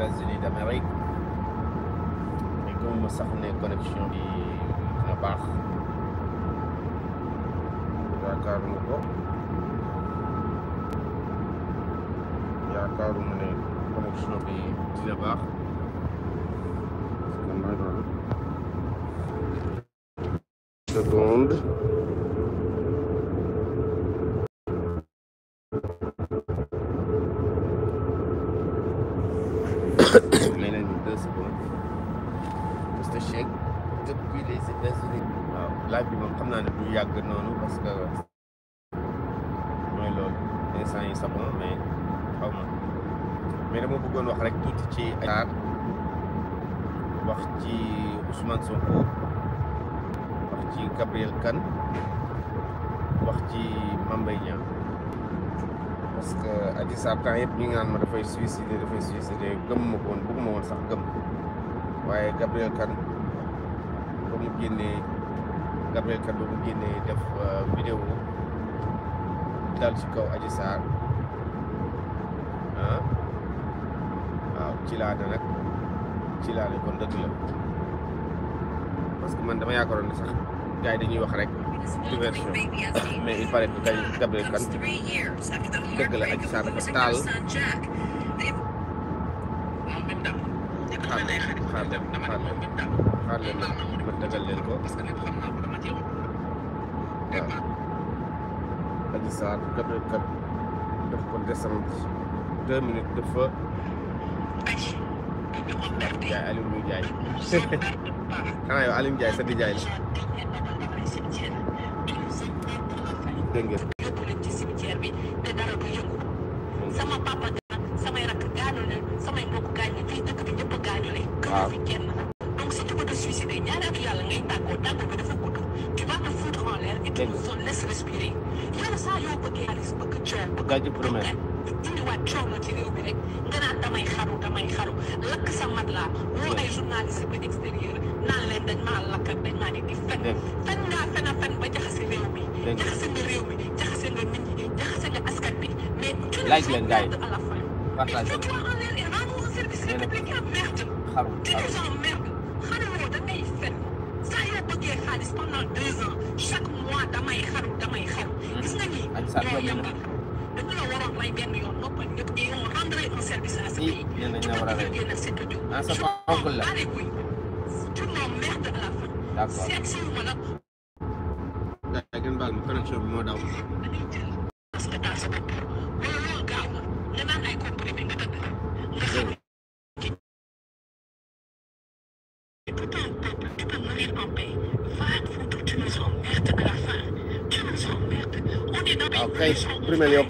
États-Unis d'Amérique et comme ça, gëmuma sax ne connexion bi dina baax yaakaaruma ko yaakaaruma ne connexion bi dina baax dafay dafay suicidé gëm ma ko woon bëgg ma woon sax gëm waaye Gabriel Kane ba mu génnee Gabriel Kane ba mu génnee def euh, vidéo dal ci kaw Adji Sarr ah, waaw ci laa ne nag ci laa ne kon dëgg la parce que man dama yaakaaroon ne sax gars dañuy wax rek. diversion mais il paraît que Kañ Gabriel Kane dëgg la Adji Sarr dafa taal xaar leen xaar leen xaar leen ma dëggal leen ko waaw Adji Sarr Gabriel Kane daf ko descendre deux minutes dafa jaay Aliou Ndiaye xanaa yow Aliou Ndiaye sa di jaay la dengue. like leen gars yi partage xaru xaru pendant deux ans chaque mois damay xaru damay xaru mhm. gis nga ni yaay yàmb dañu la waroon lay benn yoon noppal ñëpp et on rendrait un service à ce pays génn sécurité ah, tu m'emmerdes à la fin d'accord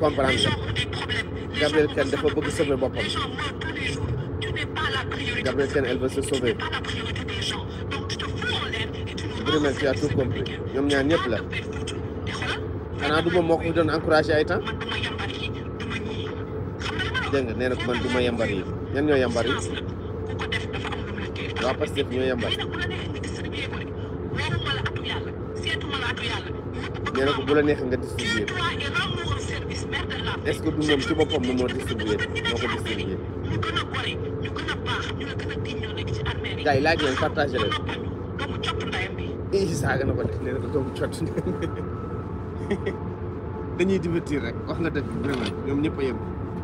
comprendre Gabriel Kane dafa bëgg sauver boppam Gabriel Kane elle veut se sauver Brumel tu as tout compris ñoom ñaar ñëpp la xanaa du ma moo ko doon encouragé ay temps dégg nga nee na ko man du ma yambar ñan ñoo yambar yi waa Pastef ñoo yambar nee ko bu la neexee nga est ce que du moom ci boppam moom moo distribué moo ko distribué. gars yi laaj leen partagé leen. ii saaga na ko def nee na ko doomu cot dañuy divertir rek wax nga dëgg vraiment ñoom ñëpp a yem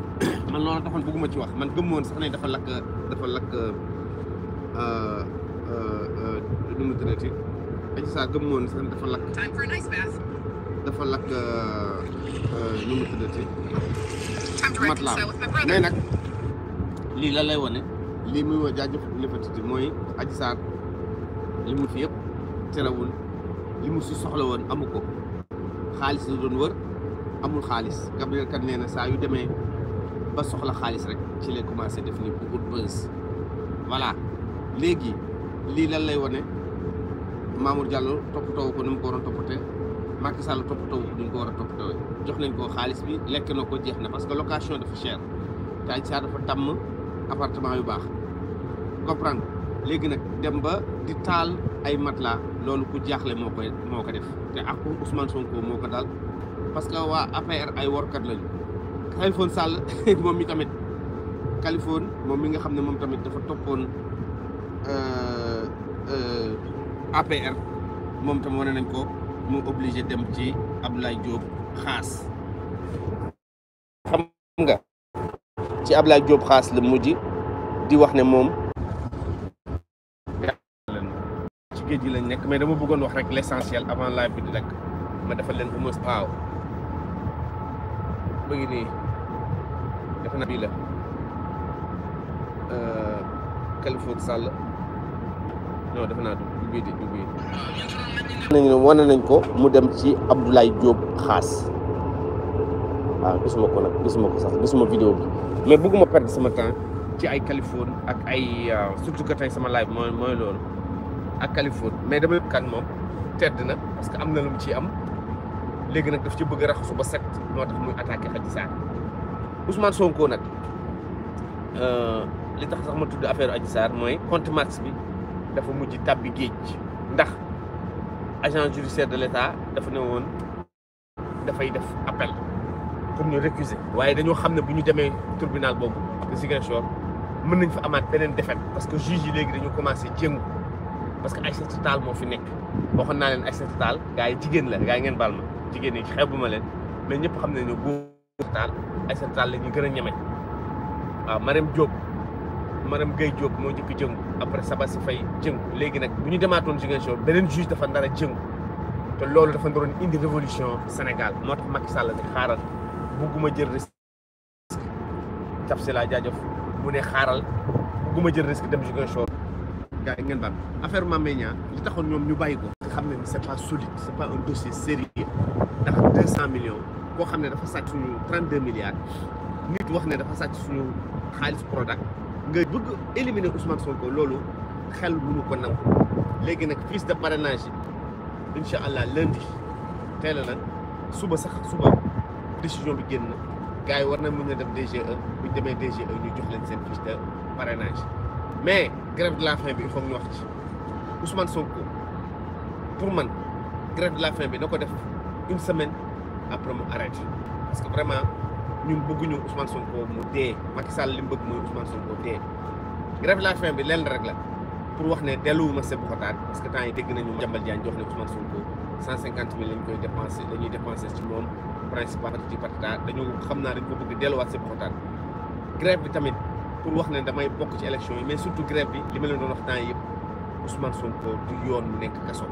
man loolu taxoon bëgguma ci wax man gëm woon sax ne dafa lakk dafa lakk euh, euh, euh, nu mu tënati. aji saa gëm woon sax ne dafa lakk dafa lakk. Euh, nu mu mat laa mais nag lii lan lay wone lii muy woo jaajëf lëfatiti mooy Adji Sarr li mu fi yëpp terewul li mu si soxla woon amu ko xaalis la doon wër amul xaalis Gabriel nee na saa yu demee ba soxla xaalis rek ci lay commencé def bu pour buzz voilà léegi lii lan lay wane Mamour Diallo toppatoo ko ni mu ko waroon toppatee Macky Sall toppatoo ko duñ ko wara a toppatoo jox nañ ko xaaliss bi lek na ko jeex na parce que location dafa cher te ci dafa tam appartement yu bax comprendre légui nak dem ba di tal ay matelas loolu ku jaxlé moko moko def té akku Ousmane Sonko moko dal parce que wa APR ay workat lañu Khaliphone Sall mom mi tamit Khaliphone mom mi nga xamné mom tamit dafa topone euh euh APR mom tam wonenañ ko. mu obligé dem ci Ablaye Diop xaas xam nga ci Ablaye Diop xaas la mujj di wax ne moom ci géej gi lañ nekk mais dama bëggoon wax rek l'essentiel avant live bi di ma defal leen umas paaw bëgg nii defe naa bii la euh, Kaliphone Sall non defe naa du du bii de wane nañ ko mu dem ci Abdoulaye Diop xaas waaw ah, gisuma ko nag gisuma ko sax gisuma vidéo bi mais bëgguma perdre sama temps ci ay Californie ak ay ah, surtout que tey sama live mooy mooy loolu ak Californie mais damay kan moom tedd na parce que am na lu mu ciy am léegi nag daf ci bëgg raxasu ba set moo tax muy attaqué Adji Sarr Ousmane Sonko nag euh, li tax sax ma tudd affaire Adji Sarr mooy compte mars bi dafa mujj tàbbi géej ndax agent judiciaire de l'État dafa ne woon dafay def appel pour ñu récuser waaye dañoo xam ne bu ñu demee tribunal boobu de Ziguinchor mën nañ fi amaat beneen défaite parce que juge yi léegi dañu commencé jéngu parce que Aïssata Tall moo fi nekk waxoon naa leen Aïssata Tall gars yi jigéen la gars ngeen baal ma jigéen yi xeebuma leen mais ñëpp xam nañ ne góor Tall Aïssata Tall la ñu gën a ñeme waaw Marème Diop madame Guèye Diop moo njëkk jëngu après Sabassy Faye jëngu léegi nag bu ñu demaatoon Ziguinchor beneen juge dafa nar jëngu te loolu dafa naroon indi révolution Sénégal moo tax Macky Sall ne xaaral bugguma jël risque cap si laa jaajëf mu ne xaaral bugguma jël risque dem Ziguinchor gars yi ngeen baal affaire Mame Niang li taxoon ñoom ñu bàyyi ko nga xam ne c'est pas solide c'est pas un dossier sérieux ndax deux cent millions koo xam ne dafa sàcc suñu trente deux milliards nit wax ne dafa sàcc suñu xaalis Prodac nga bëgg éliminer Ousmane Sonko loolu xel mënu ko nangu léegi nag fiche de parrainage yi incha allah lundi teel la lan suba sax suba décision bi génn gars yi war na mën a dem DGE bu ñu demee DGE ñu jox leen seen fiche de parrainage mais grève de la faim bi il faut ñu wax ci Ousmane Sonko pour man grève de la fin bi na ko def une semaine après mu arrêté parce que vraiment. ñu bëgguñu Ousmane Sonko mu dee Macky Sall li mu bëgg mooy Ousmane Sonko dee. grève la faim bi lenn rek la pour wax ne delluwuma Sébikotane parce que temps yi dégg nañu Madiambal Diagne jox ne Ousmane Sonko 150 000 lañ koy dépensé dañuy dépensé ci moom principal ci patata dañoo xam naa dañ ko bëgg delluwaat Sébikotane grève bi tamit pour wax ne damay bokk ci élection yi mais surtout grève bi li ma leen doon wax temps yëpp Ousmane Sonko yoon mu nekk kaso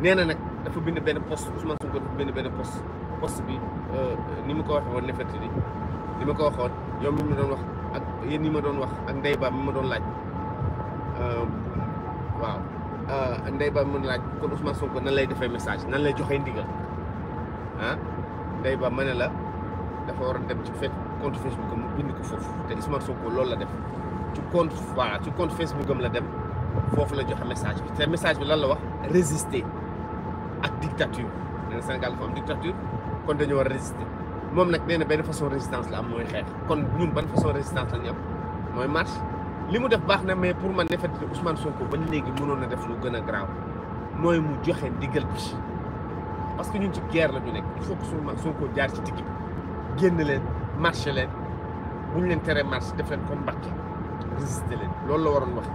nee na nag dafa bind benn poste Ousmane Sonko dafa bind bi. Euh, ni mu ko waxee woon Nefertiti li ma ko waxoon yow doon wax ak yéen ñi ma doon wax ak Ndeye Ba ma doon laaj euh, waaw euh, Ndeye Ba mi ma laaj kon Ousmane Sonko na lay defee message nan lay joxe ndigal ah Ndeye ma ne la dafa war a dem ci fekk compte Facebook mu bind ko foofu te Ousmane Sonko loolu la def ci compte voilà ci compte Facebook am la dem foofu la joxe message bi te message bi lan la wax résister ak dictature nee na Sénégal dafa am dictature. kon dañoo war a résister moom nag nee benn façon résistance la am mooy xeex kon ñun ban façon résistance la ñu mooy marche li mu def baax na mais pour man defet Ousmane Sonko ba léegi mënoon na def lu gën a graaw mooy mu joxee ndigal bi parce que ñun ci guerre la ñu nekk il faut que Ousmane Sonko jaar ci digg bi génn leen marché leen bu ñu leen teree marché def leen comme leen loolu la waroon wax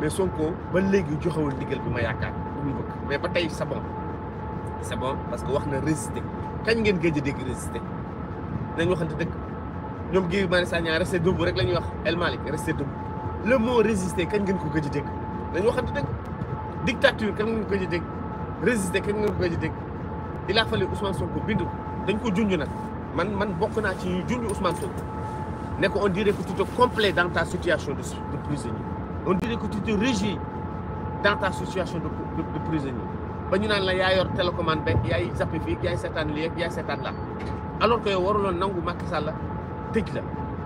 mais Sonko ba léegi joxewul ndigal bi ma yaakaar bu mu bëgg ba tey sa c'est bon parce que wax na résister ngeen résister nañ waxante dëgg resté rek El Malik, le mot résister kañ ngeen ko dégg waxante dictature ngeen ko résister ngeen il a fallu Ousmane Sonko dañ ko man man Ousmane on dirait que tu te dans ta situation de prisonnier on dirait que tu te régis dans ta situation de prisonnier. ba ñu naan la yaa yor télécommande be yaay zappi fii yaay seetaan li yaay seetaan la alors que yow waruloon nangu Macky Sall tejj la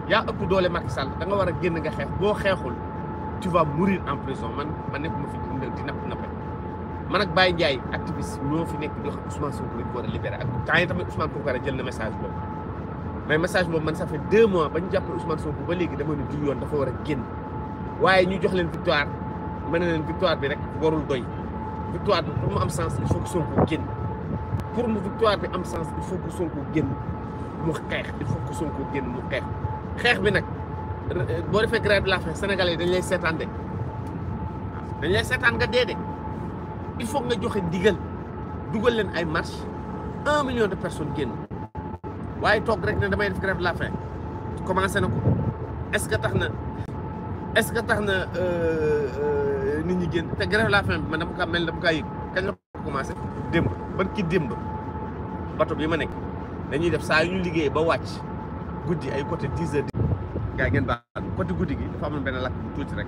ya ëpp doole Macky Sall da nga wara genn nga xex bo xexul tu vas mourir en prison man man nekk ma fi di nap nap man ak Baye Ndiaye activiste mo fi nek di wax Ousmane Sonko dañ ko war a libéré ak temps tamit Ousmane Sonko Tounkara jël na message boobu mais message boobu man ça fait 2 mois bañu japp Ousmane Sonko ba légui dama ne di yoon dafa wara genn waye ñu jox leen victoire man leen victoire bi rek warul doy victoire pour mu am sens il faut que Sonko gagne. pour une victoire bi am sens il faut que Sonko gagne. mu xeex il faut que Sonko gagne mu xeex xeex bi nak bo defee grève la faim sénégalais dañ lay seetaan dañ lay sétane nga dee il faut nga joxe ndigal dougal len ay marche un million de personnes gagne waye tok rek né damay def grève la fait. commencé nako est-ce que taxna est-ce que tax na euh, euh, nit ñi génn te grève la faim bi man dama kaa mel dama kaa yëg kañ la ko commencé démb ban ki démb bato bi ma nekk dañuy def saa yu ñu liggéey ba wàcc guddi ay côté dix heures gaa yi ngeen baal côté guddi gi dafa amoon benn lakk bu tuuti rek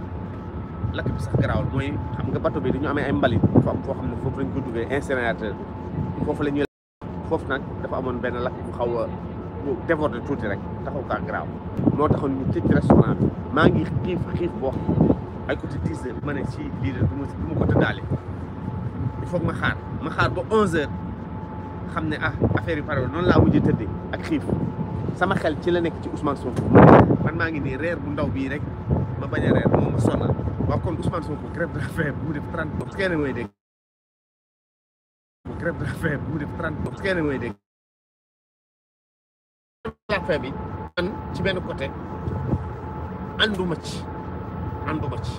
lakk bi sax garaawul mooy xam nga bato bi ñu amee ay mbalit am foo xam ne foofu lañ ko duggee incinérateur foofu la ñuy foofu nag dafa amoon benn lakk bu xaw a mu dévoré tuuti rek taxaw kaa moo loo taxaw ñu tëj restaurant bi maa ngi xiif xiif boo ay côté dix heures ma nekk si lii de du ma du ma ko tëddaale il faut ma xaar ma xaar ba onze heures xam ne ah affaire yi pare noonu laa mujjee de ak xiif sama xel ci la nekk ci Ousmane Sonko man maa ngi nii reer bu ndaw bii rek ma bañ a reer moom ma sonal waaw kon Ousmane Sonko grève de la faim bu mu def trente jours kenn mooy dégg grève de la faim bu mu def trente jours kenn mooy dégg la bi ci benn côté ànduma ci ànduma ci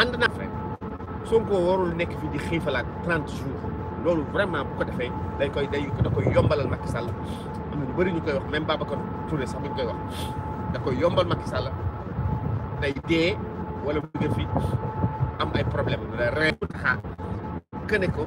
ànd naa fe Sonko warul nekk fii di xiifalaat trente jours loolu vraiment bu ko defee day koy day da koy yombalal Macky Sall am na ñu ñu koy wax même Babacar Touré sax bu koy wax da koy yombal Macky Sall day dee wala bu nga fi am ay problème la ren taxaa kene ko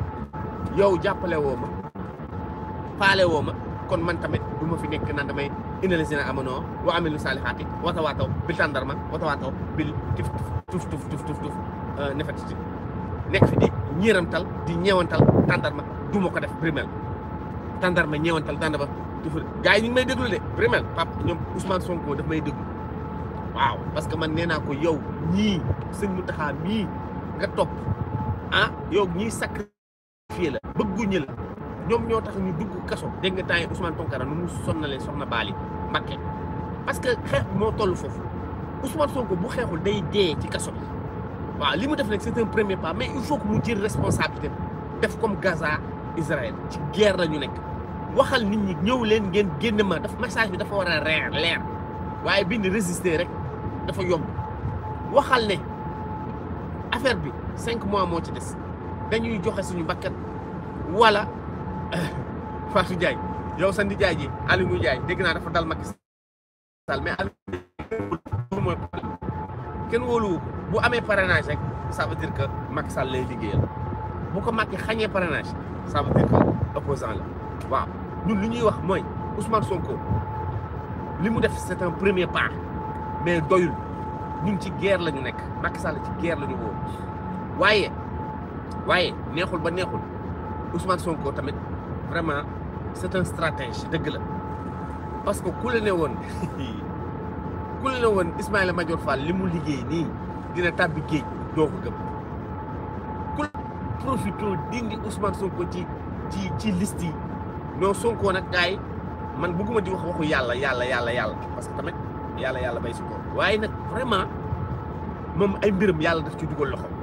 yow jàppale woo kon man tamit du ma fi nekk naan damay inna lazina amanoo wa amilu saalihaati watawaataw bil tàndarma watawaataw bil tif tuf tuf tuf euh, nekk fi di ñeeramtal di ñeewantal tàndarma du ma ko def primel tàndarma ñeewantal tàndarma tuf gars yi ñu ngi may déglu de primel pap ñoom Ousmane Sonko daf may déglu waaw parce que man nee naa ko yow ñii sëñ mu taxaa mii nga topp ah yow ñii sacrifié la bëgguñu la ñoom ñoo tax ñu dugg kaso dégg nga temps yi Ousmane Tounkara nu mu sonnalee soxna Baali Mbacké parce que xeex bi moo toll foofu Ousmane Sonko bu xeexul day dee ci kaso bi waaw li mu def nag c'est un premier pas mais il faut que mu jël responsabilité def comme Gaza Israël ci guerre la ñu nekk waxal nit ñi ñëw leen ngeen génn ma daf message bi dafa war a reer leer waaye bind résister rek dafa yomb waxal ne affaire bi cinq mois moo ci des dañuy joxe suñu bakkat wala Fatou Ndiaye yow sa nijaay ji Aliou jaay dégg naa dafa dal Macky Sall mais Aliou mooy kenn wóoluwu bu amee parrainage rek ça veut dire que Macky Sall lay liggéeyal bu ko Macky xañee parrainage ça veut dire que opposant la waaw ñun li ñuy wax mooy Ousmane Sonko li mu def c'est premier pas mais doyul ñun ci guerre lañu ñu nekk Macky Sall ci guerre lañu ñu woo waaye waaye neexul ba neexul Ousmane Sonko tamit. vraiment c'est un stratège dëgg la parce que ku la ne woon ku la ne woon li mu liggéey nii dina tàbbi géej doo ko gëm ku la profito dindi Ousmane Sonko ci ci ci liste yi non Sonko nag gars man bëgguma di wax waxu yàlla yàlla yàlla yàlla parce que tamit yàlla yàlla bay si waaye nag vraiment moom ay mbiram yàlla def ci dugal loxoom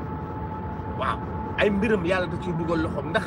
waaw ay mbiram yàlla daf ci dugal loxoom ndax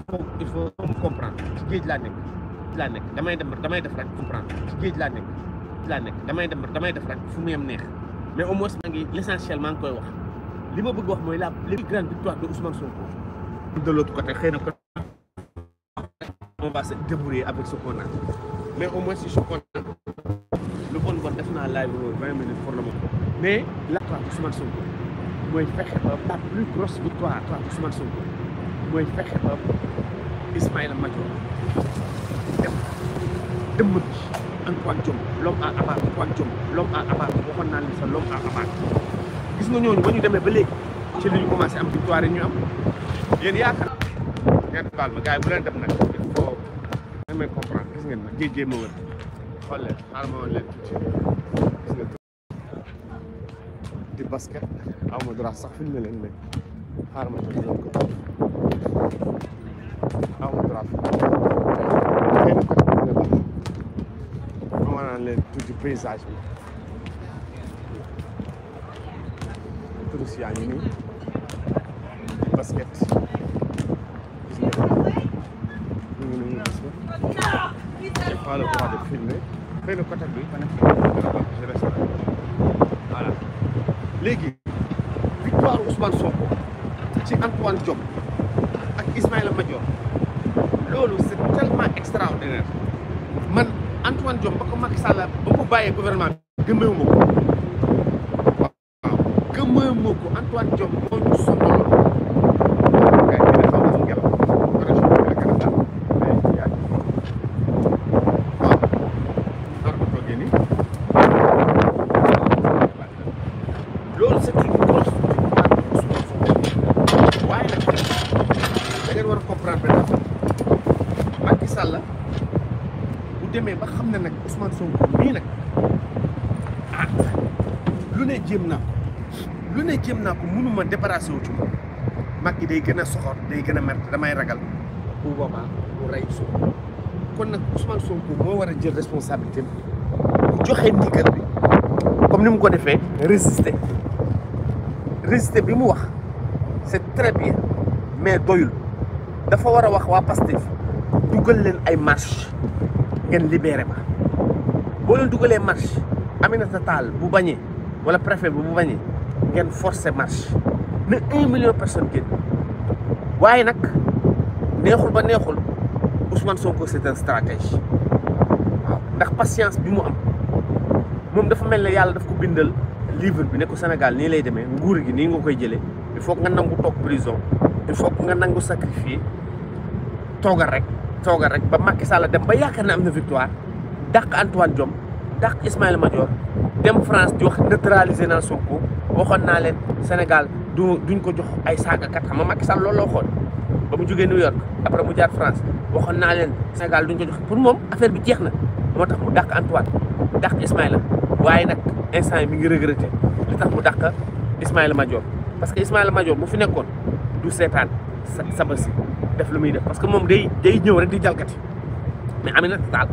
il faut comprendre Je comprendre mais au moins la plus grande victoire de Ousmane Sonko. de l'autre côté on va se débrouiller avec ce qu'on a mais au moins si je suis content, le bon live 20 minutes pour le moment mais la victoire Ousmane Sonko la plus grosse victoire Ousmane Sonko. mooy fexe ba Ismaïla Madior dem dëmm bi en quoi jom l'homme à abattre quoi jom l'homme à abattre waxoon naa sa l'homme à abattre gis nga ñooñu ba ñu demee ba léegi ci li ñu commencé am victoire ñu am yéen yaakaar ngeen baal ma gars bu leen dem nag il faut ngeen may comprendre gis ngeen ma géej ma wër xool leen ma woon leen di basket aw ma dara sax fi mu leen nekk armas das helicópteros. Há um tráfico. É no campo Vamos olhar tudo paisagem. Tudo se anime. Basquete. Je pas le droit de filmer. Né? Fais le contact de l'île. Je né? reste là. Voilà. Légui. Victoire Ousmane Sonko. ci Antoine Diop ak Ismaïla Madior loolu c' est extraordinaire man Antoine Diop ba ko Macky ba ko bàyyee gouvernement bi gëmmeewu ma ko waaw gëmmeewu ma ko Antoine Diop moo bii nag ah lu ne jéem naa ko lu ne jéem naa ko mënuma débarrassé wu ci moom Macky day gën a soxor day gën a mer damay ragal bu boobaa mu rey suuf kon nag Ousmane Sonko moo war a jël responsabilité bi joxe ndigal bi comme ni mu ko defee résister résister bi mu wax c'est très bien mais doyul dafa war a wax waa Pastef dugal leen ay marche ngeen libéré ma boo leen dugalee marche sa Tall bu bañee wala préfet bi mu bañee ngeen se marche na un million personne génn waaye nag neexul ba neexul Ousmane Sonko c'est un stratège waaw ndax patience bi mu am moom dafa mel ne yàlla dafa ko bindal livre bi ne ko Sénégal nii lay demee nguur gi nii nga koy jëlee il faut nga nangu toog prison il faut nga nangu sacrifier toogal rek toogal rek ba Macky Sall dem ba yaakaar ne am na victoire dàq Antoine jom dàq Ismaïla Madior dem France di wax neutraliser naa Sonko waxoon naa leen Sénégal du duñ ko jox ay saagakat xam nga Macky Sall loolu la waxoon ba mu jógee New York après mu jaar France waxoon naa leen Sénégal duñ ko jox pour moom affaire bi jeex na moo tax mu dàq Antoine dàq Ismaïla waaye nag instant yi mi ngi regretté li tax mu dàq Ismaïla Madior parce que Ismaïla Madior mu fi nekkoon du seetaan sa sa basi def lu muy def parce que moom day day ñëw rek di jalgati mais Aminata Tall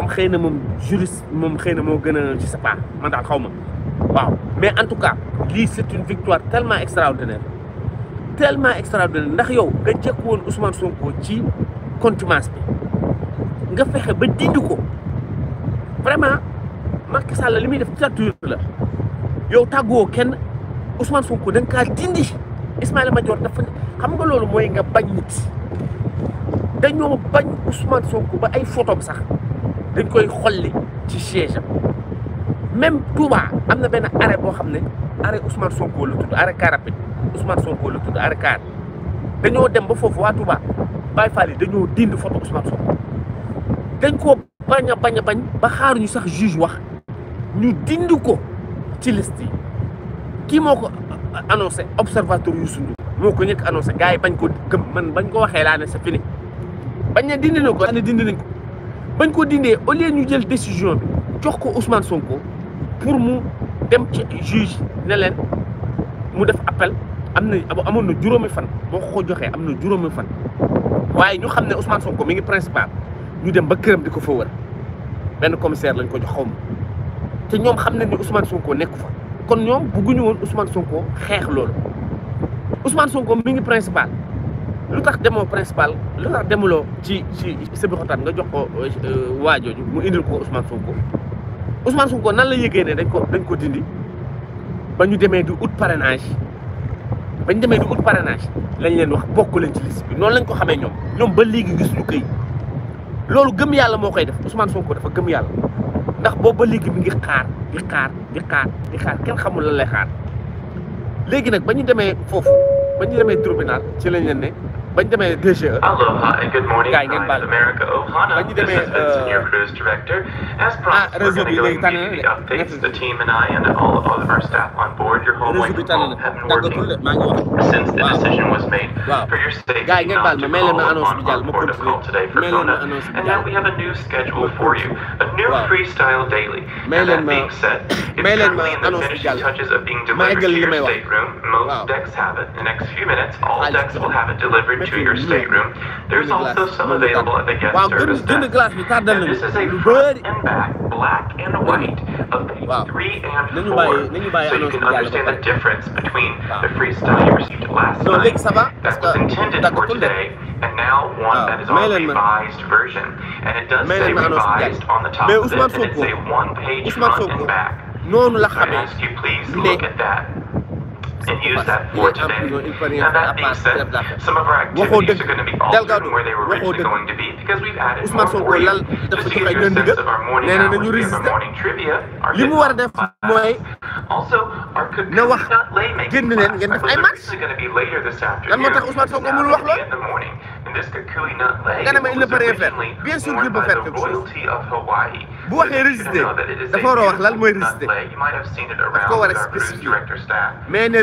comme xëy na moom juriste moom xëy na moo gën a je sais pas man daal xaw ma waaw mais en tout cas lii c' est une victoire tellement extraordinaire tellement extraordinaire ndax yow nga jëkk woon Ousmane Sonko ci contumace bi nga fexe ba dindi ko vraiment Macky Sall li muy def dictature la yow tàggoo kenn Ousmane Sonko da nga kaa dindi Ismaïla Madior dafa xam nga loolu mooy nga bañ nit dañoo bañ Ousmane Sonko ba ay photom sax. dañ koy xolli ci siège am même am na benn arrêt boo xam ne arrêt Ousmane Sonko la tudd arrêt car rapide Ousmane Sonko la tudd arrêt car dañoo dem ba foofu waa Touba Baye Fall yi dañoo dindi photo Ousmane Sonko dañ koo bañ a bañ a bañ ba sax juge wax ñu dindi ko ci liste kii moo ko annoncé observateur Youssou Ndour moo ko ñëkk annoncé gars yi bañ ko gëm man bañ ko waxee laa ne c'est fini bañ ne dindi na ko ne dindi nañ ko. bañ ko dindé au lieu ñu jël décision bi Ousmane Sonko pour mu dem juge ne mu def appel amna amon na fan ko joxé amna fan ñu Ousmane Sonko mi ngi principal ñu dem ba Nous diko fa commissaire lañ ko jox que Ousmane Sonko nekku fa kon nous ñu won Ousmane Sonko xex lool Ousmane Sonko mi ngi principal. lu tax demoo principal lu tax demuloo ci ci Sébikotane nga jox ko euh, waa jooju mu indil ko Ousmane Sonko Ousmane Sonko nan la yëgee ne dañ ko dañ ko dindi ba ñu demee di ut parrainage ba ñu demee di ut parrainage lañ leen wax bokk leen ci liste bi noonu lañ ko xamee ñoom ñoom ba léegi gisuñu këy loolu gëm yàlla moo koy def Ousmane Sonko dafa gëm yàlla ndax boobu ba léegi mi ngi xaar di xaar di xaar di xaar kenn xamul lan xaar léegi nag ba ñu demee foofu ba ñu demee tribunal ci lañ leen ne. Bence de Deja. Aloha and good morning. Guy America Ohana. Bence de me, uh, your cruise director. As ah, promised, we're going to give you the updates. The team and I and all of our staff on board your home away from home have been working since the decision was made for your safety not to call upon our call today for Kona. And now we have a new schedule for you, a new freestyle daily. And that being said, it's currently in the finishing touches of being delivered to your stateroom. Most decks have it. In the next few minutes, all decks will have it delivered to your stateroom. There's also some available at the guest wow, service desk. And this is a front and back, black and white, of page wow. 3 and 4, so you can understand the difference between the freestyle you received last night that was uh, intended for today, and now one that is on a revised version. And it does say revised on the top of it, and it's a one-page front and back. I ask you please look at that and use that for today. And that being said, some of our activities are going to be altered from where they were originally going to be because we've added more for you. Just to give you sense of our morning hours, we have our morning trivia, our hip Also, our cooking is not late making class. Those are actually going to be later this afternoon. It's now going in the morning. And this kakui nut lay was originally worn by the royalty of Hawaii. Bu waxee résisté dafa war a wax lan mooy résisté daf koo war a spécifié mais ne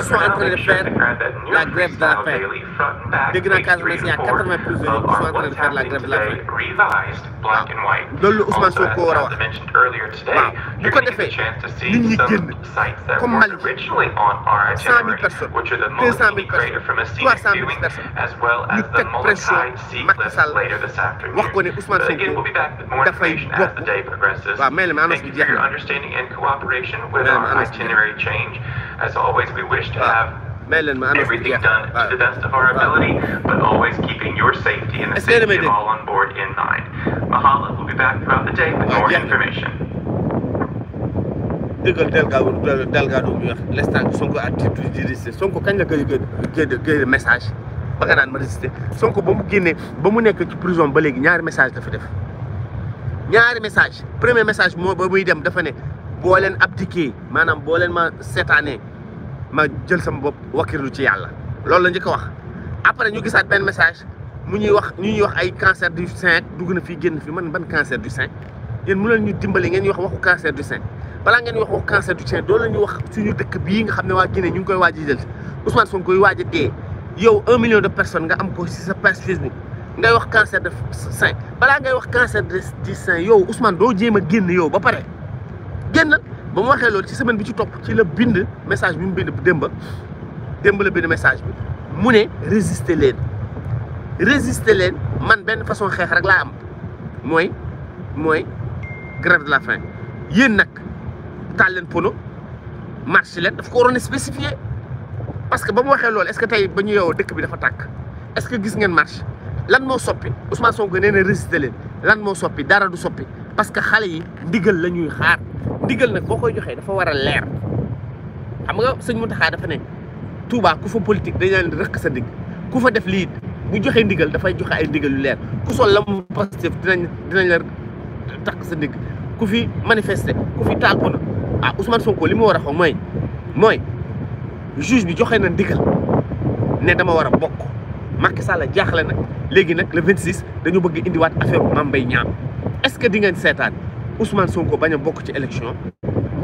centre de faire la grève de la faim. dégg naa Casamance y' a quatre vingt plus de gens qui en train de faire la grève de la faim waaw loolu la on, Sonko war a wax waaw comme Mali cent mille personnes deux cent personnes trois cent personnes ñu teg pression Macky Sall wax ko ne Ousmane Sonko dafay bokk waaw mel na ma annonce ma annonce to have everything done to the best of our ability, but always keeping your safety and the safety of all on board in mind. Mahalo will be back throughout the day with more information. dëggal delga delga doom wax l'instant Sonko attitude di résister Sonko kañ la koy génne message ba nga naan ma résister Sonko ba mu génnee ba mu nekk ci prison ba léegi ñaari message dafa def ñaari message premier message moo ba muy dem dafa ne boo leen abdiquer maanaam boo leen ma seetaanee ma jël sama bopp wakkirlu ci yàlla loolu la njëkk a wax après ñu gisaat benn message mu ñuy wax ñu ñuy wax ay cancer du sein dugg na fii génn fii man ban cancer du sein yéen mu leen ñu dimbali ngeen ñu wax waxu cancer du sein balaa ngeen wax waxu cancer doo leen wax suñu dëkk bii nga xam ne waa Guinée ñu ngi koy waaj a jël Ousmane Sonko koy waaj a dee yow un million de personnes nga am ko si sa page Facebook ngay wax cancer de sein balaa ngay wax cancer du sein yow Ousmane doo jéem a génn yow ba pare génn ba mu waxee lool ci semaine bi ci topp ci la bind message bi mu bind démba démb la bind message bi mu ne résister leen résister leen man benn façon xeex rek laa am mooy mooy grève de la faim yéen nag taal leen pono marché leen daf ko waroon a spécifié parce que ba mu waxee lool est-ce que tey ba ñu yeewoo dëkk bi dafa tàkk est-ce que gis ngeen marche lan moo soppi Ousmane Sonko nee na résister leen lan moo soppi dara du soppi parce que xale yi ndigal la ñuy xaar ndigal nag boo koy joxee dafa war a leer xam nga sëñ Mountakha dafa ne Touba ku fa politique dañ leen di sa digg ku fa def lii bu joxe ndigal dafay joxe ay ndigal yu leer ku sol la mu Pastef dinañ dinañ la takk sa digg ku fi manifeste ku fi taal na ah Ousmane Sonko li mu war a xam mooy mooy juge bi joxe na ndigal ne dama war a bokk Macky Sall jaaxle nag léegi nag le 26 dañu bëgg indiwaat affaire Mame Mbaye Niang est-ce que di ngeen seetaan Ousmane Sonko baña a ci élection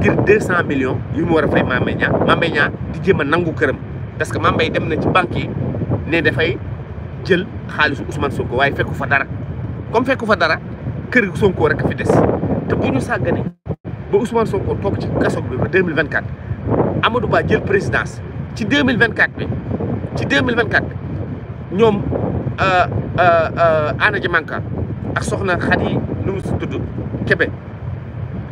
ngir 200 millions yu mo wara a fay Mame Nia Niang Mame Mbaye di jema a kërëm parce que Mambay dem na ci banki né da fay jël xaalisu Ousmane Sonko waye fekkou fa dara comme fekkou fa dara kër Sonko rek fi dess te bu ñu ba Ousmane Sonko tok ci kaso bi ba deux Amadou Ba jël présidence ci 2024 bi ci 2024 ñom euh euh euh Anadji Anna ak soxna Khadi nu mu si tudd Kébé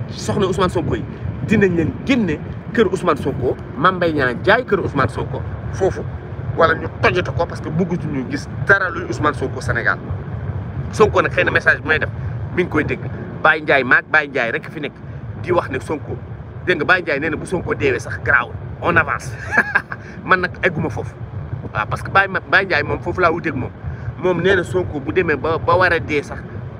soxna Ousmane Sonko yi dinañ leen génne kër Ousmane Sonko man Mbaye Niang jaay kër Ousmane Sonko foofu wala ñu tojjate ko parce que ñu gis dara luy Ousmane Sonko Sénégal Sonko nag xëy na message bi may def mi ngi koy dégg Baye Ndiaye maak Baye jaay rek fi nekk di wax ne Sonko dégg nga Baye Ndiaye nee na bu Sonko deewee sax garaawul on avance man nag egguma foofu waaw parce que Baye Baye Ndiaye moom foofu laa wuteeg moom moom nee na bu demee ba ba war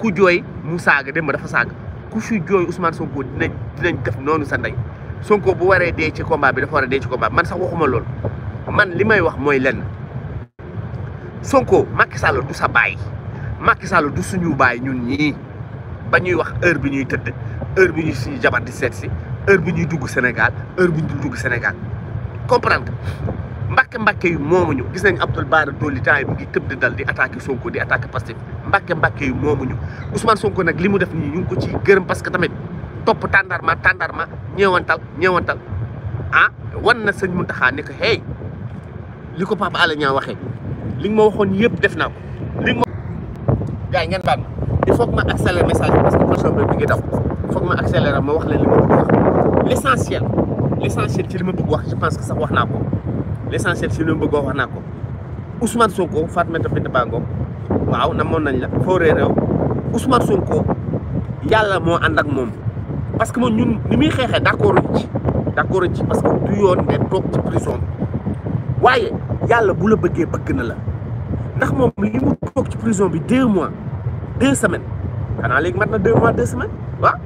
ku jooy mu saaga dem ba dafa saaga ku fi jooy Ousmane Sonko dinañ dinañ def noonu sa ndey Sonko bu waree dee ci combat bi dafa war a dee ci combat man sax waxuma loolu man li may wax mooy lenn Sonko Macky Sall du sa baay Macky Sall du suñu baay ñun ñii ba ñuy wax heure bi ñuy tëdd heure bi ñuy suñu jabar di seet heure bi ñuy dugg Sénégal heure bi ñuy dugg Sénégal comprendre mbàkke mbàkke yu moomuñu gis nañ Abdoul Bara Dolly temps yi mu ngi tëb di dal di attaqué Sonko di attaqué Pastef mbàkke mbàkke yu moomuñu Ousmane Sonko nag li mu def nii ñu ngi ko ciy gërëm parce que tamit topp tàndarma tàndarma ñeewantal ñeewantal ah wan na sëñ Mountakha ne ko hey li ko Pape Alé Niang waxee li nga ma waxoon yëpp def naa ko li ma gars yi ngeen baal ma il faut ma accélère message parce que bi mi ngi daw ma wax leen li ma bëgg wax l' essentiel l' essentiel ci li ma bëgg wax je pense que sax wax naa ko l'essentiel si lu mu bëggoo wax naa ko Ousmane Sonko Fatoumata Binta Bango waaw namoon nañ la foo réeréew Ousmane Sonko yàlla moo ànd ak moom parce que moom ñun li muy xeexee d'accord ci d'accord ci parce que du yoon nga toog ci prison bi waaye yàlla bu la bëggee bëgg na la ndax moom li mu toog ci prison bi deux mois deux semaines xanaa léegi mat na deux mois deux semaines waaw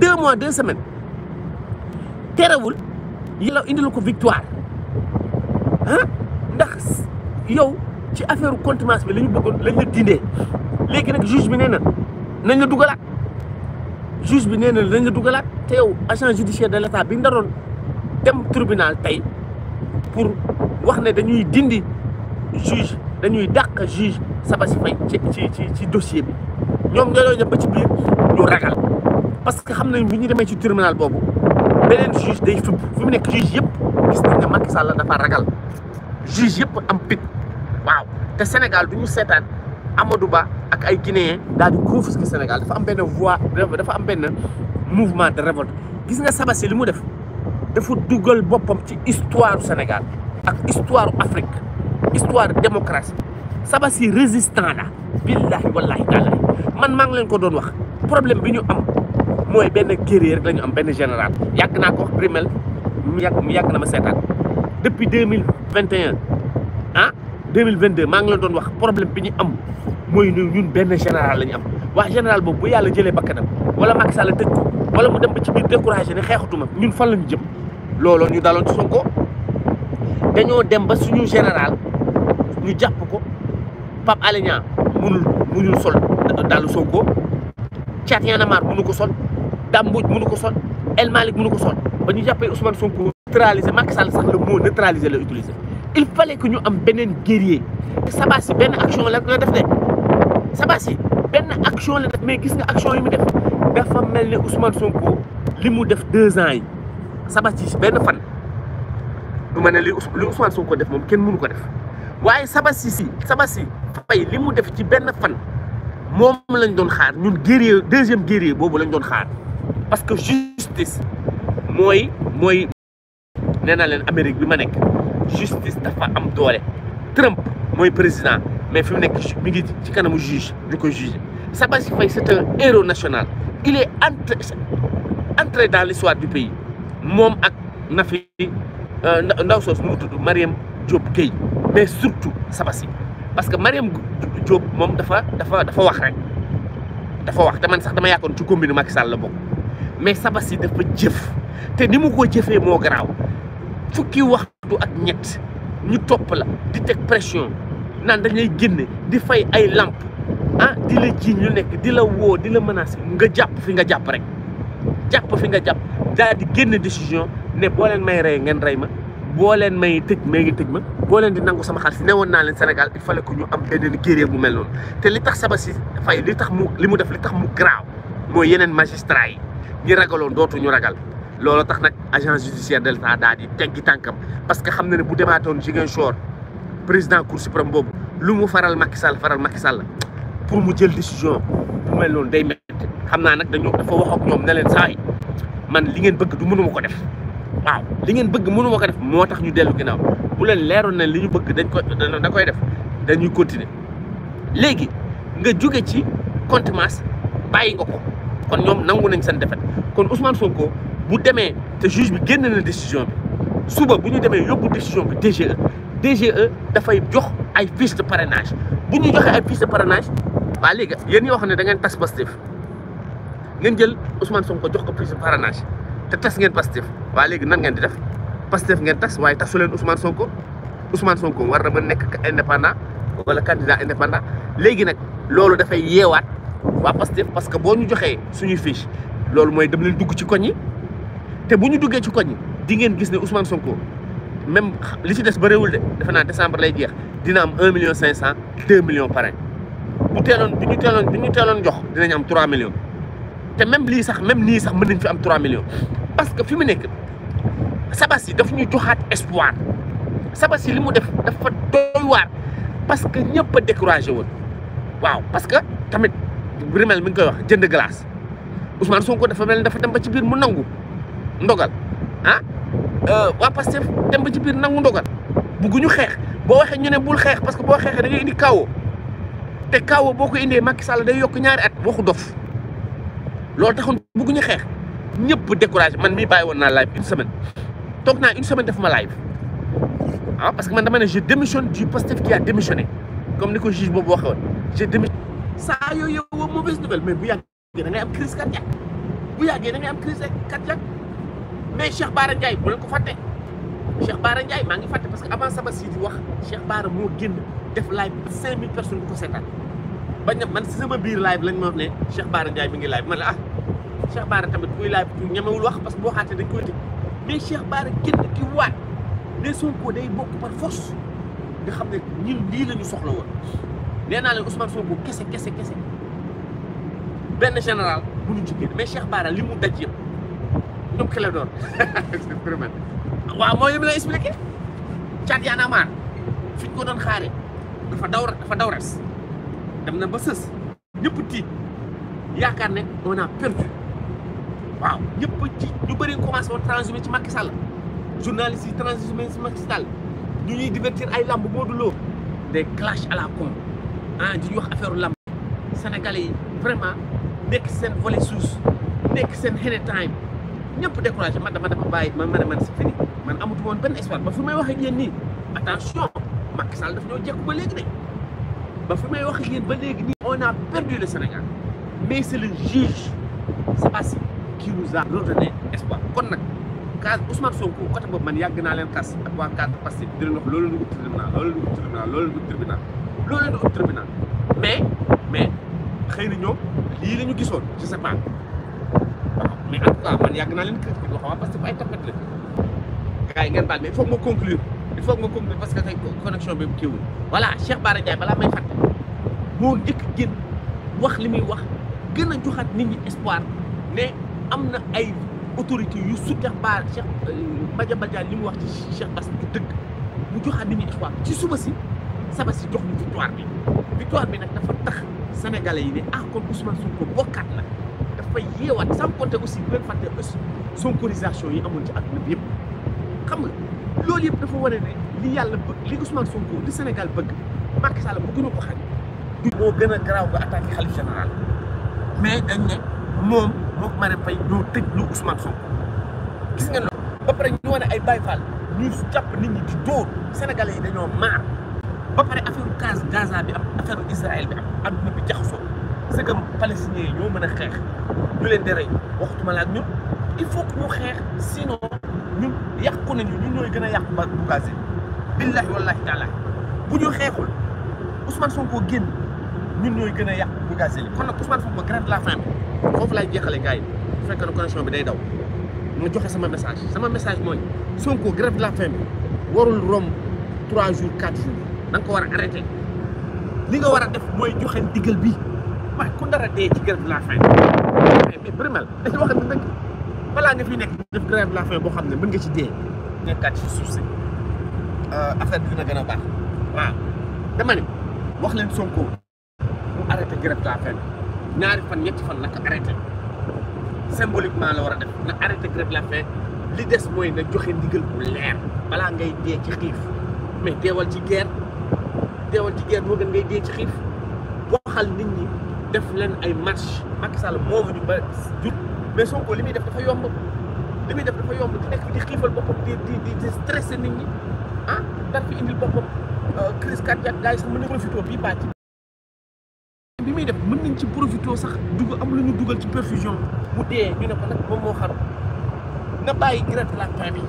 deux mois deux semaines terewul yàlla indi la ko victoire ah ndax yow ci affaire contumace bi la bëggoon lañ la dindee léegi nag juge bi nee na nañ la dugalaat juge bi nee na nañ la dugalaat te yow agent judiciaire de l'état bi ndaroon dem tribunal tey pour wax ne dañuy dindi juge dañuy dàq juge Sabassy Faye ci ci ci dossier bi ñoom ñoo doon dem ba ci biir ñu ragal parce que xam nañ bu ñu demee ci tribunal boobu beneen juge day fibb fi mu nekk juge yëpp. gis nañ ne Macky Sall dafa ragal juge yëpp am pit waaw te Sénégal du ñu seetaan Amadou Ba ak ay Guinéens daal di confisquer Sénégal dafa am benn voix dafa am benn mouvement de révolte gis nga Sabassi li mu def dafa dugal boppam ci histoire Sénégal ak histoire Afrique histoire démocratie Sabassi résistant la billahi wallahi taalahi man maa ngi leen ko doon wax problème bi am mooy benn guerrier rek la ñu am benn général yàgg naa ko wax Brimel miyak yàgg mu yàgg na ma seetaan depuis deux ah 2022, mille vingt ah, deux maa ngi la doon wax problème bi ñu am mooy ne ñun benn général la am waa général boobu bu yàlla jëlee bakkanam wala Macky Sall tëj ko wala mu dem ba ci biir découragé ne xeexatuma ñun fan la ñu jëm looloo ñu daloon ci Sonko dañoo dem ba suñu général ñu jàpp ko Pape Alé Niang munul munul sol dalu Sonko Thiat Y'en a sol Dame Mbodj sol El Malik mënu sol ba ñu jàppee Ousmane Sonko neutraliser Macky Sall sax le mot neutraliser le utiliser il fallait que ñu am beneen guerrier Sabassi benn action la def de Sabassi benn action la def mais gis nga action yi mu def dafa mel ne Ousmane Sonko li mu def deux ans yi Sabassi benn fan du ma ne li Ousmane Sonko def moom kenn mënu ko def waaye Sabassi si Sabassi fay li mu def ci benn fan moom lañ doon xaar ñun guerrier deuxième guerrier boobu lañ doon xaar parce que justice mooy mooy nee naa leen Amérique bi ma nekk justice dafa am doole Trump mooy président mais fi mu nekk mi ngi ci kanamu juge ñu koy juge Sabassi Faye national il est entré entré dans l'histoire du pays moom ak Nafi euh, ndaw soos mu tudd Mariam Diop Gueye mais surtout Sabassi parce que Mariam Diop moom dafa dafa dafa wax rek dafa wax te man sax dama yàkkoon ci commune Macky Sall la bokk mais Sabassi dafa jëf te ni mu ko jëfee moo garaaw fukki waxtu ak ñett ñu topp la di teg pression naan dañuy génne di fay ay lamp ah di la jiiñ lu nekk di la woo di la menacer nga jàpp fi nga jàpp rek jàpp fi nga jàpp daal di génne décision ne boo leen may rey ngeen rey ma boo leen may tëj may ngi tëj ma boo leen di nangu sama xaalis ne naa leen Sénégal il fallait que ñu am beneen guerrier mu mel noonu te li tax Sabassy Faye li tax mu li mu def li tax mu garaaw mooy yeneen magistrat yi ñi ragaloon dootu ragal loolu tax nag agence judiciaire de l'État daal di teggi tànkam parce que xam na ne bu demaatoon Ziguinchor président cour suprême boobu lu mu faral Macky Sall faral Macky Sall pour mu jël décision bu mel noonu day métti xam naa nag dañoo dafa wax ak ñoom ne leen saay man li ngeen bëgg du mënu ko def waaw li ngeen bëgg mënu ma ko def moo tax ñu dellu ginnaaw bu leen leeroon ne li ñu bëgg dañ ko da koy def dañuy continuer léegi nga jóge ci contumace bàyyi nga ko kon ñoom nangu nañ seen defet kon Ousmane Sonko. bu demee te juge bi génn na décision bi suba bu ñu demee yóbbu décision bi DGE DGE dafay jox ay fiches de parenage bu ñu joxee ay fiches de parrainage waa léegi yéen yoo xam ne da ngeen tas Pastef ngeen jël Ousmane ko jox ko fiche de te tas ngeen Pastef waa léegi nan ngeen di def Pastef ngeen tas waaye tasu leen Ousmane Sonko Ousmane Sonko war na mën nekk indépendant wala candidat indépendant léegi nag loolu dafay yeewaat waa Pastef parce que boo ñu joxee suñuy fiche loolu mooy dem leen dugg ci koñ yi te bu ñu duggee ci koñ di ngeen gis ne Ousmane Sonko même li ci des bëriwul de defe naa décembre lay jeex dina am un million cinq cent deux millions parrain bu teeloon bu ñu teeloon bu ñu teeloon jox dinañ am trois millions te même lii sax même nii sax mën nañ fi am trois millions parce que fi mu nekk sabas yi daf ñu joxaat espoir sabas yi li mu def dafa doy waar parce que ñëpp a woon waaw parce que tamit rimel mi ngi koy wax jënd glace Ousmane Sonko dafa mel ni dafa dem ba ci biir mu nangu ndogal ah euh, waa Pastef dem ba ci biir nangu ndogal ñu xeex boo waxee ñu ne bul xeex parce que boo xeexee da ngay indi kawo te kawo boo ko indee Macky Sall day yokk ñaari at waxu dof loolu taxoon bugguñu xeex ñëpp découragé man mii bàyyi woon naa live une semaine toog naa une semaine def ma live ah parce que man dama ne je démissionne du Pastef qui a démissionné comme ni ko juge boobu waxee woon je démissionne saa yooyu yow mauvaise nouvelle mais bu yàggee da ngay am crise cardiaque bu yàggee da ngay am crise cardiaque mais Cheikh Baara Ndiaye bu leen ko fàtte Cheikh Baara Ndiaye maa ngi fàtte parce que avant sama sii wax Cheikh Baara moo génn def live cinq mille personnes bu ko seetaan bañ na man si sama biir live lañ ma wax ne Cheikh Baara Ndiaye mi ngi live man la ah Cheikh Baara tamit kuy live tu ñemewul wax parce que boo xaatee dañ koy tëj mais Cheikh Baara génn ki waat ne Sonko day bokk par force nga xam ne ñun lii la ñu soxla woon nee naa leen Ousmane Sonko kese kese kese benn général bu ñu ci génn li mu daj ñoom Clédor vraiment waaw mooy ko doon xaaree dafa daw dafa daw res dem na ba sës ñëpp tiit yaakaar ne on a perdu waaw ñëpp ci ñu bëri commencé woon transhumé ci Macky Sall journaliste yi transhumé ci Macky Sall ñu ñuy divertir ay lamb boo duloo des clash à la con ah di wax affaire lamb sénégalais vraiment nekk seen volet suus nekk seen xene time ñëpp découragé man dama dafa bàyyi man ma ne man c'est fini man amatu woon benn espoir ba fi may wax ak yéen nii attention Macky Sall daf ñoo jekku ba léegi de ba fi may wax ak yéen ba léegi nii on a perdu le Sénégal mais c'est le juge Sabassy qui nous a redonné espoir kon nag cas Ousmane Sonko côté boobu man yàgg naa leen kas ak waa cadre parce que dinañ wax loolu la ñu ut tribunal loolu la ñu ut tribunal loolu la ñu ut tribunal loolu la ñu ut tribunal mais mais xëy na ñoom lii la ñu gisoon je sais pas mais yàgg naa leen kër gi waxamaa parce que ay tappat la ngeen baal mais il ma conclure il faut que ma conclure parce que tey connexion bi kiiwul voilà Cheikh Bara balaa may fàtte moo njëkk génn wax li muy wax gën a joxaat nit ñi espoir ne am na ay autorités yu sutax Bara Cheikh Madiambal euh, Diagne li mu wax ci Cheikh Bass du dëgg mu joxaat nit ñi espoir ci suba si saba si jox ñu victoire bi victoire bi nag dafa tax sénégalais yi ne ah kon Ousmane Sonko bokkaat na dafa yeewaat sans compter aussi beneen facteur aussi yi amoon ci àdduna bi yëpp xam nga loolu yëpp dafa wane ne li yàlla bëgg li Ousmane Sonko li Sénégal bëgg Macky Sall bu gën a ko xañ moo a garaaw mais dañ ne moom mook Marème Faye ñoo tëj lu Ousmane Sonko gis ngeen loolu ba pare ñu wane ay Baye Fall ñu jàpp nit ñi di dóor sénégalais yi dañoo maar ba pare affaire Gaza bi am affaire Israël bi am àdduna bi jaxasoo c'est que palestiniens yi ñoo mën a xeex ñu leen di rey waxtuma la ak ñun il faut que ñu xeex sinon ñun yàqu nañu ñun ñooy gën a yàqu ba bu gaze billahi wallahi taala bu ñu xeexul Ousmane Sonko génn ñun ñooy gën a yàqu bu gaze li kon nag Ousmane Sonko grève la faim foofu laay jeexale gars yi bu fekkee bi day daw ma joxe sama message sama message mooy Sonko grève la faim warul romb trois jours quatre jours da ko war a arrêté li nga war a def mooy joxe ndigal bi waaye ku ndara dee ci grève de la faim eh, mais bërëmel dañu wax ne dëgg balaa nga fi nekk def grève la faim boo xam ne mën nga ci dee nekkaat ci suuf si euh, affaire bi gën a baax waaw dama wax leen Sonko mu arrêté grève la faim ñaari fan ñetti fan naka arrêté symboliquement la war a def na arrêté grève la faim li des mooy na joxe ndigal bu leer balaa ngay dee ci xiif mais deewal ci guerre deewal ci guerre boo gën ngay dee ci xiif xal nit ñi def leen ay marche Macky Sall moomuñu ba jur mais Sonko li muy def dafa yomb li muy def dafa yomb di nekk di xiifal boppam di di di stressé nit ñi ah dar fi indil boppam euh, crise cardiaque gars yi sax mën na profité bii bàcc bi muy def mën nañ ci profité sax dugg am lu ñu dugal ci perfusion mu dee ñu ne ko nag moom moo xaru na bàyyi grève de la faim bi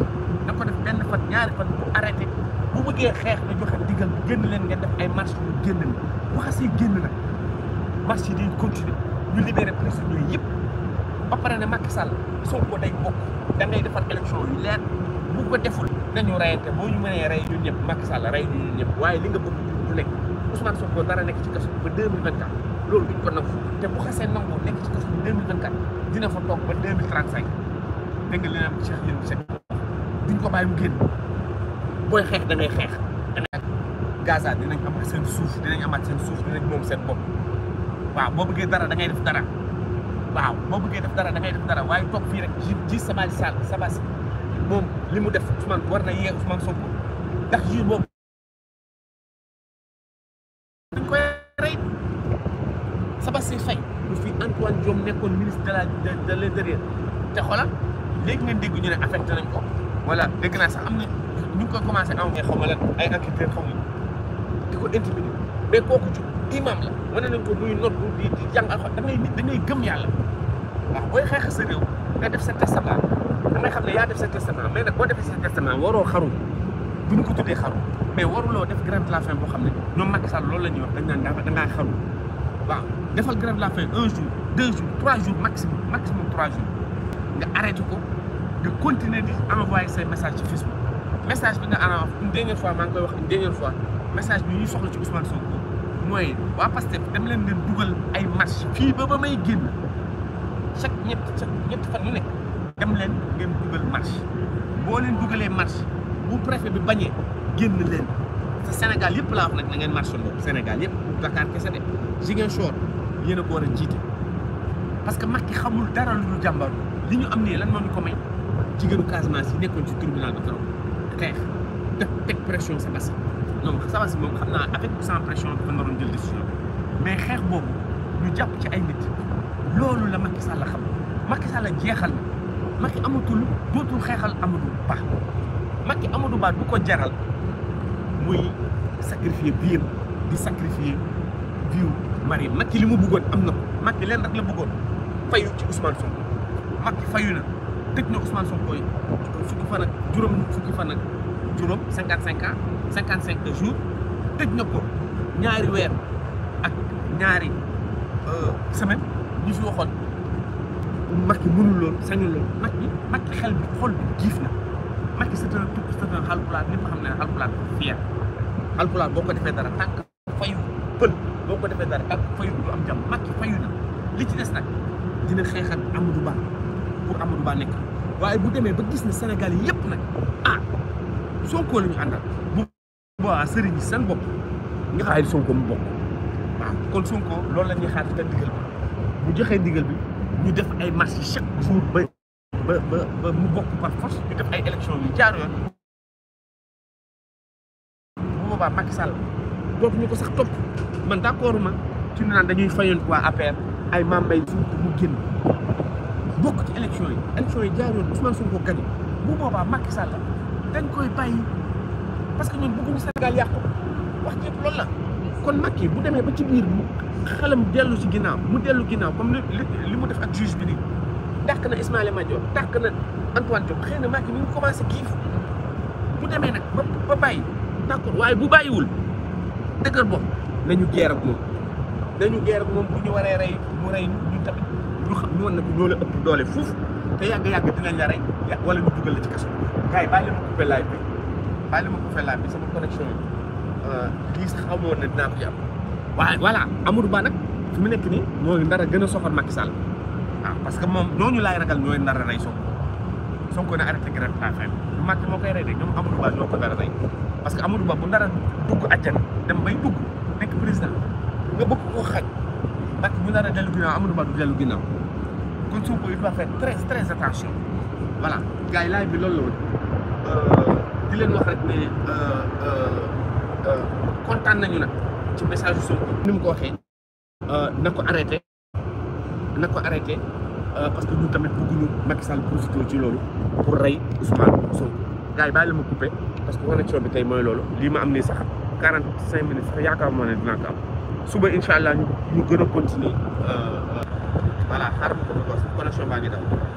na ko def benn fan ñaari fan bu arrêté bu bëggee xeex na joxe digal génn leen ngeen def ay marche bu génn na waxas yi génn na marché di continuer ñu libéré prisonniers yëpp ba pare ne Macky Sall Sonko day bokk da ngay defar élection yu leer bu ko deful nañu reyante boo ñu mënee rey ñun ñëpp Macky Sall rey ñu ñun ñëpp waaye li nga bëgg du nekk Ousmane Sonko dara nekk ci kaso ba 2024 loolu duñ ko nangu te bu xasee nangu nekk ci kaso 2024 dina fa toog ba 2035 dégg nga li naan Cheikh Yérim Seck duñ ko bàyyi mu génn booy da ngay xeex. Gaza dinañ amaat seen suuf dinañ amaat seen suuf moom seen bopp. waaw boo bëggee dara da ngay def dara waaw boo bëggee def dara da def dara waaye toog fii rek ji ji Sabaly Sall Sabaly moom li mu def Ousmane war na yee Ousmane Sonko ndax jur boobu dañ koy rey Sabaly Faye lu fi Antoine Diome nekkoon ministre de la de te xoolal léegi ngeen dégg ñu ne affecté nañ ko voilà dégg naa sax am na ñu ngi koy commencé envoyé xaw ay enquêteurs xaw ma di ko intimidé mais kooku jub imam la wane nañ ko muy noddu di di jàng alxuraan da ngay gëm yàlla waaw booy xeex sa réew nga def sa testament da xam ne yaa def sa testament mais nag boo defee sa testament waroo xaru bu ñu ko tuddee xaru mais waruloo def grève de la faim boo xam ne ñoom Macky Sall loolu la ñuy wax dañ naan da dangaa xaru waaw defal grève la faim un jour deux jours trois jours maximum maximum trois jours nga arrêté ko nga continuer di envoyer say message ci Facebook message bi nga ana wax fois maa koy wax une dernière fois message mooy waa Pastef dem leen leen dugal ay marche fii ba ba may génn chaque ñett chaque ñett fan yu nekk dem ngeen dugal marche boo leen dugalee marche bu préfet bi bañee génn leen te Sénégal yëpp laa wax nag na ngeen marché loolu Sénégal yëpp Dakar kese de Ziguinchor yéen a ko war a jiite parce que ki xamul dara lu dul li ñu am nii lan moo ñu ko may jigéenu Casamance yi nekkoon si tribunal bi trop xeex def teg pression sa basi donc Savas moom xam naa avec ou sans pression dafa naroon jël décision mais xeex boobu ñu jàpp ci ay nit loolu la Macky la xam Macky Sall jeexal na Macky amatul dootul xeexal Amadou Ba Macky Amadou Ba du ko jaral muy sacrifier biir di sacrifier biiru Marie Macky li mu bëggoon am na ko Macky leen rek la bëggoon fayu ci Ousmane Sonko Macky fayu na tëj na Ousmane Sonko yi fukki fan ak juróom fukki fan ak juróom cinquante cinq cinquante cinq jours tëj na ko ñaari weer ak ñaari euh, semaine ñu si waxoon Macky mënul lool sañul lool Macky xel bi xol bi giif na Macky c'est un tout c'est un xalpulaar ñëpp xam ne xalpulaar fier xalpulaar boo ko defee dara tànk fayu pël boo ko defee dara tànk fayu du am jàmm Macky fayu na li ci des nag dina xeexat Amadou Ba pour Amadou Ba nekk waaye bu demee ba gis ne Sénégal yëpp nag ah Sonko la ñu àndal bu boobaa sëriñ seen bopp nga xaayal Sonko mu bokk waaw kon Sonko loolu la ñuy xaar te ndigal bi bu joxee ndigal bi ñu def ay marches chaque jour ba ba ba mu bokk par force ñu def ay élections yu jaar yoon bu boobaa Macky Sall dootu ñu ko sax topp man ci ñu dañuy fayoon waa ay membres yi bokk ci élections yi élections yi jaar yoon Ousmane Sonko gagné bu boobaa Macky Sall dañ koy bàyyi parce que ñun bëgguñu Sénégal yàqu wax yëpp loolu la kon Macky bu demee ba ci biir mu xelam dellu ci ginnaaw mu dellu ginnaaw comme li mu def ak juge bi nii dàq na Ismaïla Madior dàq na Antoine Diop xëy na Macky mi ngi commencé kiif bu demee nag ba ba bàyyi d'accord waaye bu bàyyiwul dëgër boobu nañu geer ak moom geer ak moom bu ñu waree rey mu rey ñu tamit ñu xam ñu wan ne ko ñoo la ëpp doole fuuf te yàgg-yàgg dinañ la rey wala ñu dugal la ci kaso gars yi bàyyi la ma coupé live bi bàyyi la ma coupé bi sama connexion yi euh, lii sax amoon Ba nag fi mu nekk nii mooy ndara gën a soxal Macky Sall waaw ah, parce que moom ñooñu laay ragal ñooy ndara rey Sonko Sonko na arrêté grève de la faim du moo koy rey de ñoom Amadou Ba ñoo ko ndara rey parce que Amadou Ba bu ndara dugg àjjana dem bay dugg nekk président nga bëgg koo xaj Macky bu ndara dellu ginnaaw Amadou Ba du dellu ginnaaw kon Sonko il doit faire très très attention voilà di leen wax rek ne euh, euh, euh, kontaan nañu nag ci message Sonko ni mu ko waxee na ko arrêté na ko arrêté parce que ñun tamit bëgguñu Macky Sall profité ci loolu pour rey Ousmane Sonko gars yi bàyyi la ma coupé parce que connexion bi tey mooy loolu lii ma am nii sax 45 minutes sax yaakaar moo ne dinaa ko am suba incha allah ñu gën a continuer voilà xaaral ma ko connexion baa ngi daw